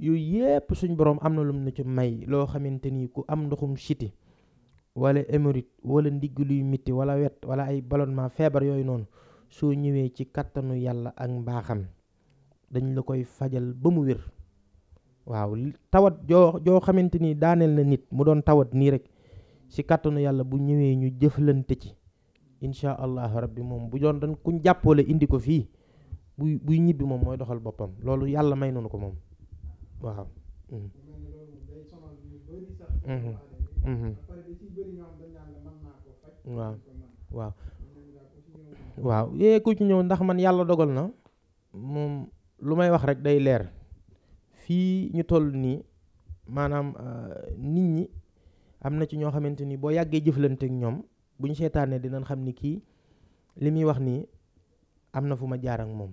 yooyu yépp suñ borom am na lum na ci may loo xamante ni ku am ndoxum siti walla émorite wala ndigg luy mitti wala wet wala ay ballonnement feebar yooyu noonu soo ñëwee ci kàttanu yàlla ak mbaaxam dañ la koy fajal ba mu wér waaw tawat joo joo xamante ni daaneel na nit mu doon tawat nii rek ci kattanu yàlla bu ñëwee ñu jëflante ci incha allahu rabbi moom bu doon dañ kuñ jàppoole indi ko fii buy buy ñibbi moom mooy doxal boppam loolu yàlla may noonu ko moom waaw. Mm. Mm-hmm. waaw mm-hmm. waaw waaw yee ku ci ñëw ndax man yàlla dogal na moom lu may wax rek day leer fii ñu toll nii maanaam euh, nit ñi am na ci ñoo xamante ni boo yàggee jëflante ak ñoom buñ seetaanee dinañ xam ni kii li muy wax nii am na fu ma jaar moom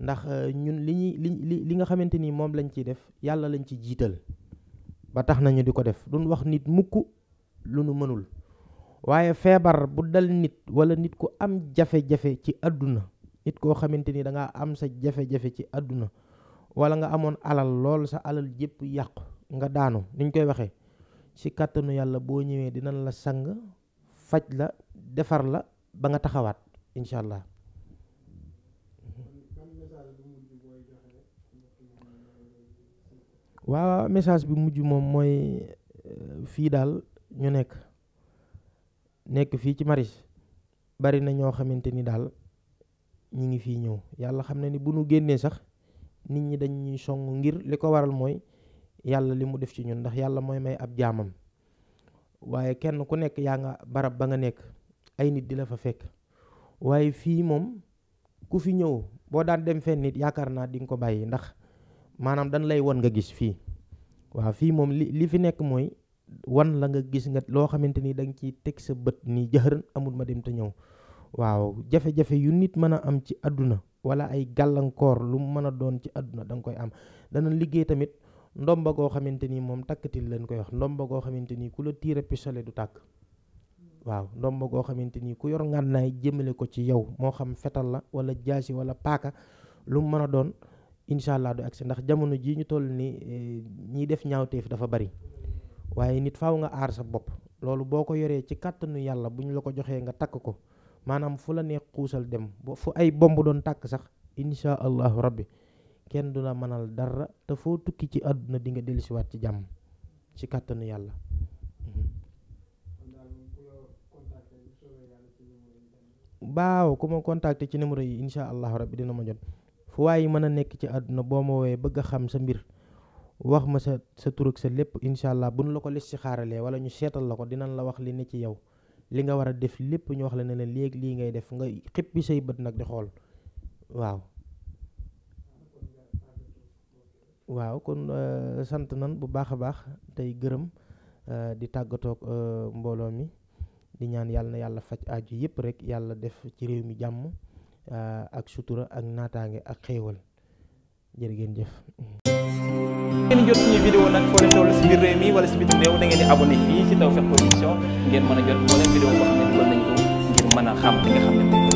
ndax euh, ñun li ñuy li li nga xamante ni moom lañ ciy def yàlla lañ ci jiital ba tax nañu di ko def duñ wax nit mukk lu nu mënul waaye feebar bu dal nit wala nit ku am jafe-jafe ci àdduna nit koo xamante ni da nga am sa jafe-jafe ci àdduna wala nga amoon alal lool sa alal jëpp yàqu nga daanu niñ koy waxee ci kàttanu yàlla boo ñëwee dinañ la sang faj la defar la ba nga taxawaat incha allah waaw message bi mujj moom mooy euh, fii daal ñu nekk nekk fii ci maris bari na ñoo xamante ni daal ñi ngi fii ñëw yàlla xam na ni bu nu génnee sax nit ñi dañ ñuy song ngir li ko waral mooy yàlla li mu def ci ñun ndax yàlla mooy may ab jaamam waaye kenn ku nekk yaa nga barab ba nga nekk ay nit di la fa fekk waaye fii moom ku fi ñëw boo daan dem fenn nit yaakaar naa di nga ko bàyyi ndax maanaam dañ lay wan nga gis fii waaw fii moom li li fi nekk mooy wan la nga gis nga loo xamante ni danga nga teg sa bët nii jëxëran amul ma dem te ñëw waaw jafe-jafe yu nit mën a am ci àdduna wala ay gàllankoor lu mën a doon ci àdduna da nga koy am dana liggéey tamit ndomba goo xamante ni moom takkatil leen koy wax ndomba goo xamante ni ku la tiire pistolet du tàkk waaw ndomba goo xamante ni ku yor ngànnaay jëmale ko ci yow moo xam fetal la wala jaasi wala paaka lu mën a doon incha allah du agsi ndax jamono jii ñu toll ni eh, ñiy def ñaawteef dafa bari waaye nit faw nga aar sa bopp loolu boo ko yoree ci kàttanu yàlla bu ñu la ko joxee nga takk ko maanaam fu la neex xuusal dem ba fu ay bomb doon tàkk sax incha allahu rabbi kenn du na mënal dara te foo tukki ci àdduna di nga dellusiwaat ci jàmm ci kàttanu yàlla. Mhm. baaw ku ma contacté ci numéro yi incha rabbi dina ma fu waaye mën a nekk ci àdduna boo ma woowee bëgg a xam sa mbir wax ma sa sa tur sa lépp incha allah buñ la ko les si xaaralee wala ñu seetal la ko dinañ la wax li ne ci yow li nga war a def lépp ñu wax la ne la léegi lii ngay def nga xippi say bët nag di xool waaw waaw kon euh, sant nan bu baax a baax tey gërëm euh, di tàggatoog euh, mbooloo mi di ñaan yàlla na yàlla faj aaju yëpp rek yàlla def ci réew mi jàmm Euh, ak sutura ak nataange ak xéewal jërë ngeen jëf. jot suñu vidéo nag foo leen si biir réew wala si biir réew da ngeen di abonné fii si Tawfekh Production ngeen mën a jot moo leen vidéo ngir mën xam li xam ne